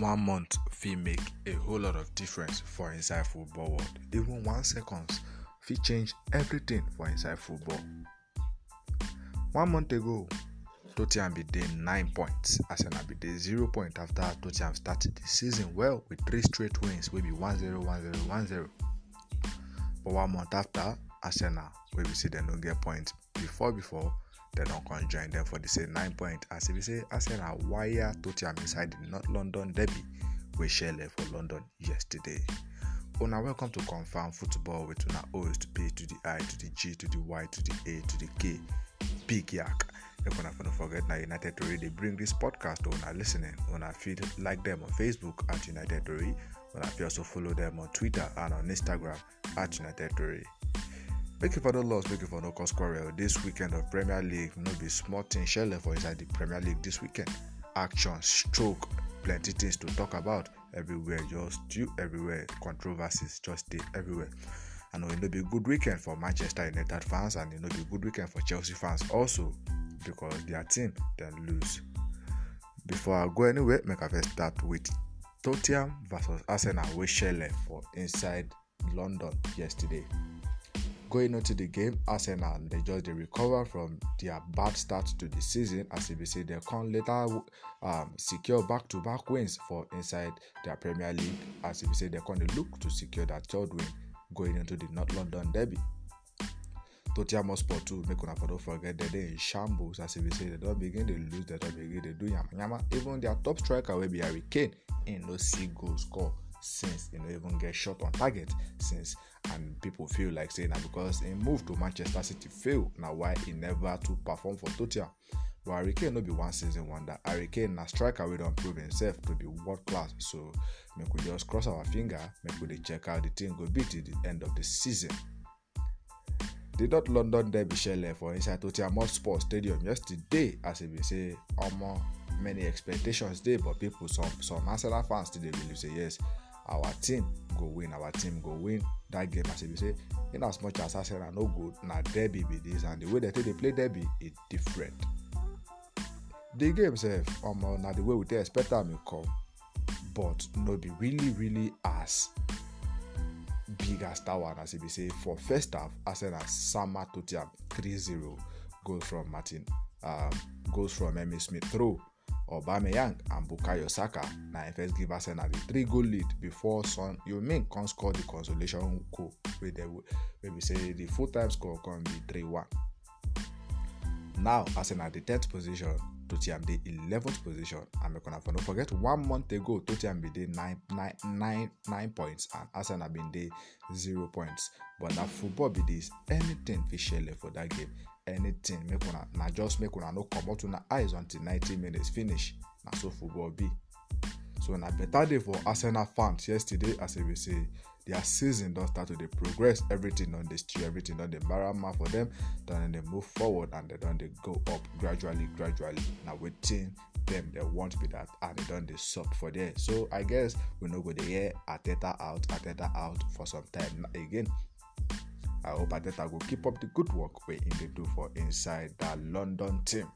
one month fit make a whole lot of difference for inside football world even one seconds fit change everything for inside football one month ago tottenham bin dey nine points arsenal bin dey zero point after tottenham started the season well with three straight wins wey be one zero one zero one zero. but one month after arsenal wey be say dem no get points before before Then I'll come join them for the same nine points As if you say Arsenal wire Tottenham inside the North London derby with Shelley for London yesterday. Una oh, welcome to Confirm Football with Una O's to P to the I to the G to the Y to the A to the K. Big yak. If you're not forget now United Tory, they bring this podcast to Una listening. Una feed like them on Facebook at United Tory. Una also follow them on Twitter and on Instagram at United Tory. Make you for the loss, make you for no cause quarrel. This weekend of Premier League, no be small thing shelle for inside the Premier League this weekend. Action, stroke, plenty things to talk about everywhere. Just you everywhere. Controversies just stay everywhere. And it will be good weekend for Manchester United fans and it will be good weekend for Chelsea fans also because their team then lose. Before I go anywhere, make a first start with Tottenham versus Arsenal with Shelley for inside London yesterday. Going into the game, Arsenal they just they recover from their bad start to the season as if say they can later um, secure back-to-back wins for inside their Premier League as if say they can look to secure that third win going into the North London derby. Tottenham Hotspur too make una for don't forget that they in shambles as if say they don't begin they lose they don't begin they do yama yama even their top striker will be Harry Kane in no single score since he don't even get shot on target since and people feel like saying that because he moved to Manchester City failed now why he never to perform for Tottenham. But Harry Kane no be one season wonder. Harry Kane na striker wey don prove himself to be world class. So make we just cross our finger, make we dey check how the thing go be till the end of the season. The North London derby ṣẹlẹ̀ for inside Tottenham Hotspur Stadium yesterday as e be say omo many expectations dey but people some some Arsenal fans still dey believe say yes our team go win our team go win that game as e be say in as much as arsenal no good na derby be this and the way they take dey play derby e different the game sef omo um, na the way we dey expect am e come but no be really really as big as that one as e be say for first half arsenal sama tottenham 3-0 goals from martin um, goals from emmy smith through Aubameyang and Bukayo Saka na im first give Arsenal di three goal lead before Son Heung-min come score the consolation goal wey be say the full time score come be 3-1. Now Arsenal dey 10th position Tottenham dey 11th position and make una for no forget one month ago Tottenham bin dey 9 9 9 9 points and Arsenal bin dey 0 points but na football be dis anything fit shele for dat game anything make una na just make una no comot una eyes until ninety minutes finish na so football be so na better day for arsenal fans yesterday as e be say their season don start to dey progress everything don dey stew everything don dey barama for them. don dey move forward and dem don dey go up gradually gradually na wetin them. dey want be that and dem don dey sup for there so i guess we no go dey hear ateta out ateta out for some time again I hope Ateta will keep up the good work wey im dey do for inside dat London team.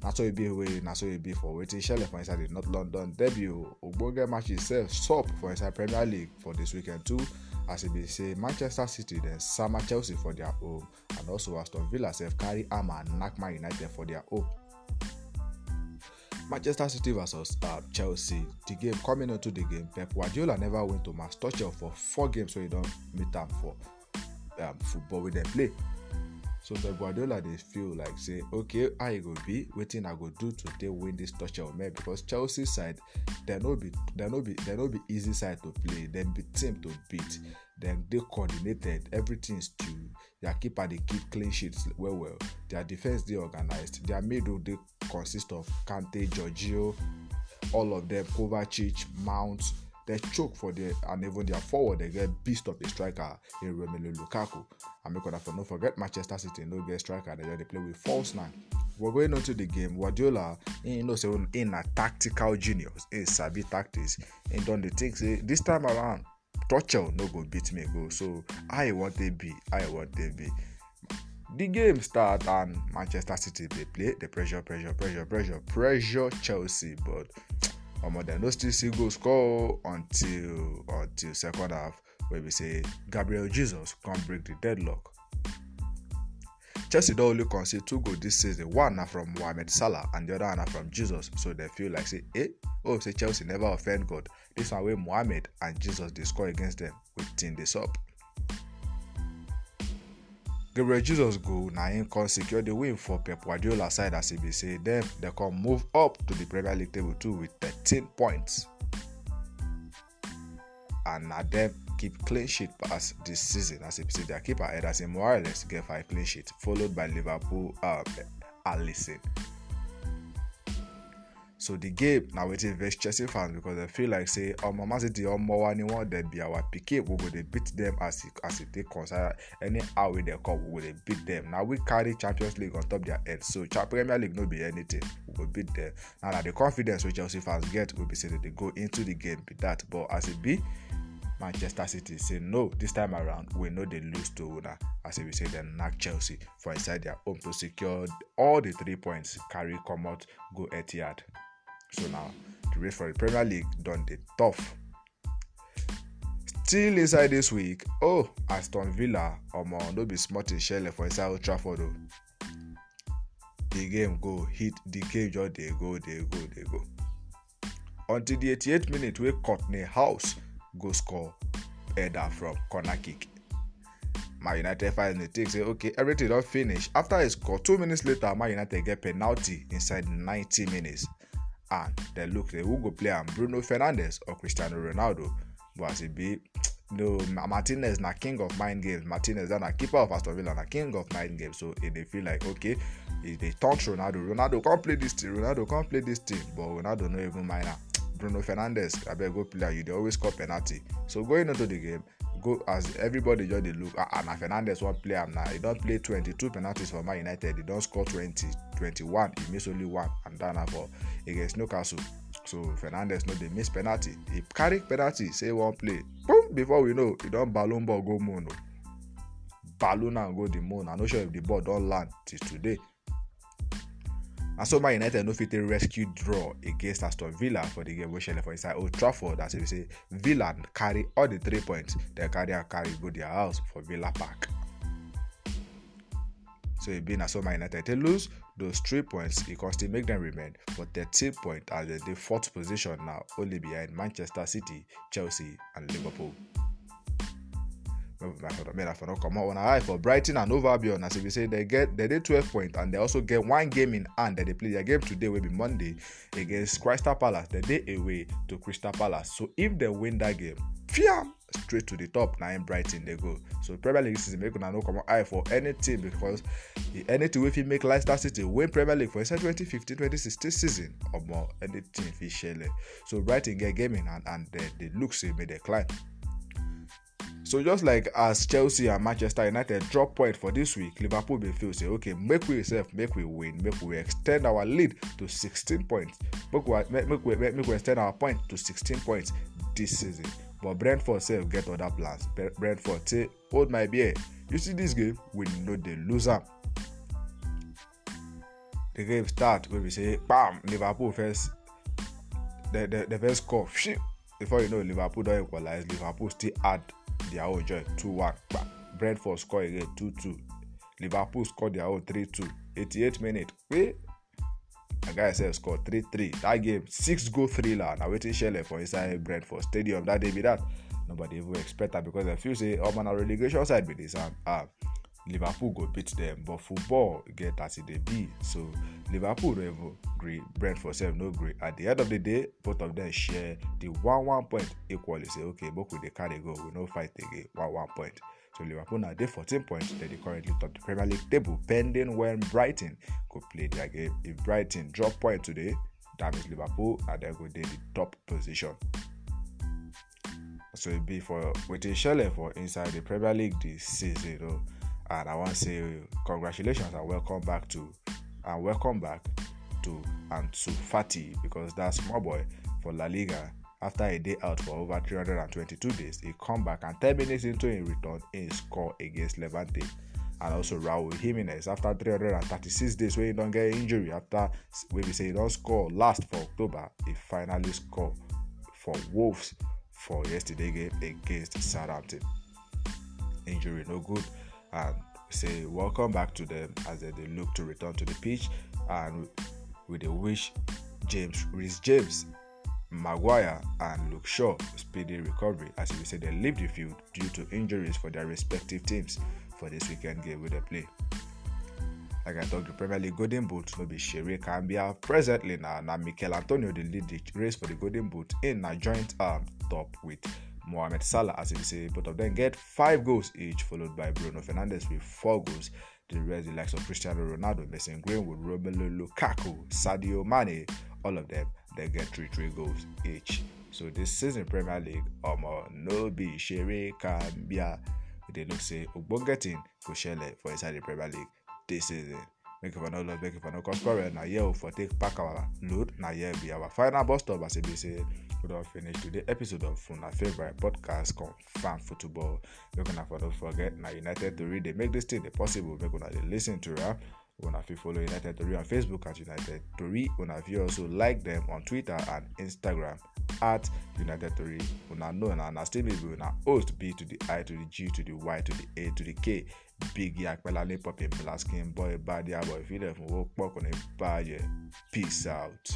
That's so e be wey That's so e be for waiting. shele for inside the north london debut. o ogbonge matches sef sup for inside premier league for this weekend too as e be say manchester city then summer chelsea for their home and also aston villa sef carry hammer and knack man united for their home. Manchester City vs uh, Chelsea. The game coming into the game, Pep Guardiola never went to Mass Tuchel for four games where so e don meet them for um, football wey dem play so pep guardiola dey feel like say okay how e go be wetin i go do to take win dis torture of men because chelsea side dem no be dem no be dem no be easy side to play dem be team to beat dem dey coordinated everything stew their keeper dey keep clean sheets well well their defence dey organised their middle dey consist of kante georgio all of them kovacic mount they choke for the and even their forward they get beast of the striker in Romelu Lukaku. And make for no forget Manchester City no get striker they just play with false nine. We're going on to the game. Guardiola, you know, say in a tactical genius, in sabi tactics, in done the things eh, this time around. Torture no go beat me go. So I want they be, I want they be. The game start and Manchester City they play the pressure, pressure, pressure, pressure, pressure Chelsea, but omo dem no still see goal score until until second half wey be say gabriel jesus come break di deadlock chelsea don only concede two goals dis season one na from mohamed salah and di oda na from jesus so dem feel like say eh oh say chelsea neva offend god dis one wey mohamed and jesus dey score against dem wit tin dey sup gabriel jesus goal na him come secure the win for pep guardiola side as e be say dem dey come move up to the premier league table too with 13 points and na dem keep clean sheet pass this season as e be say dia keeper ederson morales get five clean sheet followed by liverpool um, alisson so the game na wetin vex chelsea fans because dem feel like say omo man city omowa ni one dem be our pikin we go dey beat dem as e as e take concern uh, anyhow wey dem come we go dey beat dem na we carry champions league on top their head so premier league no be anything we go beat dem now na the confidence wey chelsea fans get will be say dem dey go into the game be that but as e be manchester city say no this time around we no dey lose to una as e be say dem knack chelsea for inside their home to secure all the three points carry comot go etihad. So now the race for the Premier League done the tough. Still inside this week, oh, Aston Villa, oh man, don't be smart in Shelley for inside Old Trafford. Oh. The game go, hit the game just oh, they go, they go, they go. Until the 88th minute, where Courtney House go score header from corner kick. Man United fans they take say okay everything don finish after he score two minutes later Man United get penalty inside 90 minutes and dem look say who go play am bruno Fernandez or cristiano ronaldo but as e be no martinez na king of mind games martinez na keeper of aston villa na king of mind games so e dey feel like okay e dey taunt ronaldo ronaldo come play this. thing ronaldo come play this team. but ronaldo no even mind am ah, bruno Fernandez, abeg go play ah, you dey always score penalty so going into the game go as everybody just dey look ah, ah na fernandez wan play am now He don play twenty-two penalties for man united He don score twenty twenty-one e miss only one and dat na for against newcastle so fernandez no dey miss penalty He carry penalty say e wan play boom before we know he don balloon ball go moon o balloon am go the moon i no sure if the ball don land till today Asoma United no fit rescue draw against Aston Villa for the game wey shele for inside Old Trafford as we say Villa carry all the three points dem carry am carry go their house for Villa Park. So e be na so United take lose those three points e come still make dem remain for thirteen points as dem dey fourth position now only behind Manchester City, Chelsea and Liverpool make i for don comot on eye for brighton and hove albion as if you say they get they dey 12 points and they also get one game in hand that they play their game today will be monday against crystal palace dem dey away to crystal palace so if they win that game fiam straight to the top nine. brighton they go so premier league season make know no comot eye for any anytin becos anytin if you make leicester city win premier league for inside 2015-2016 season or omo anytin fit shele so brighton get game in hand and dem dey look say make dem climb So just like as Chelsea and Manchester United drop point for this week, Liverpool may feel say, okay, make we safe, make we win, make we extend our lead to 16 points, make we make we, make we extend our point to 16 points this season. But Brentford safe get other plans. Brentford say, hold my beer. You see this game, we know they lose am. The game start wey be say, bam, Liverpool first, the the, the first score, before you know Liverpool don equalize, Liverpool still add their own join 2-1 pa brentford score again two-two. liverpool score their own two Eighty-eight minute pe guy sef score three-three. that game six goal thriller na wetin shele for inside brentford stadium that day be that nobody even expect am because I feel say omo oh na relegation side be this am ah liverpool go beat dem but football get as e dey be so liverpool no even gree brentford sef no gree at di end of di day both of dem share di one one point equally say okay make we dey carry go we no fight again one one point so liverpool na dey fourteen points dem dey currently top di premier league table pending when brighton go play dia game if brighton drop point today that means liverpool and dem go dey di top position so e be for wetin shele for inside di premier league dis season You know, And I want to say congratulations and welcome back to and welcome back to and to Fati because that small boy for La Liga after a day out for over 322 days, he come back and 10 minutes into a return he score against Levante. And also Raul Jimenez after 336 days where he don't get injury after where we say he don't score last for October, he finally score for Wolves for yesterday game against Southampton. Injury no good. and say welcome back to them as they, look to return to the pitch and with a wish James Reese James Maguire and Luke Shaw speedy recovery as we say they leave the field due to injuries for their respective teams for this weekend game with a play. Like I told the Premier League Golden Boot will be Sherry Cambia presently now. Now Mikel Antonio the lead the race for the Golden Boot in a joint um, top with Mohamed Salah as you see. Both of them get five goals each, followed by Bruno Fernandes with four goals. The rest, the likes of Cristiano Ronaldo, Mason Greenwood, Romelu Lukaku, Sadio Mane, all of them, they get three three goals each. So this season Premier League, Omo Nobi Shere Kambia, they look say Ogbogetin go shele for inside the Premier League this season make we for no load make we for no cause na here we for take back our load na here be our final bus stop as e be say we don finish today episode of una favourite podcast Fan football make una for no forget na united read They make this thing possible make una not lis listen to am una fit follow united tori on facebook at united tori una fit also like them on twitter and instagram at United 3 una know una na still be una host B to the I to the G to the Y to the A to the K Big Biggie Akpelale Poppy Blaskin Boy bad Badiabo ìfilẹ̀ fún owó pọ̀ kò ní báyẹ̀ peace out.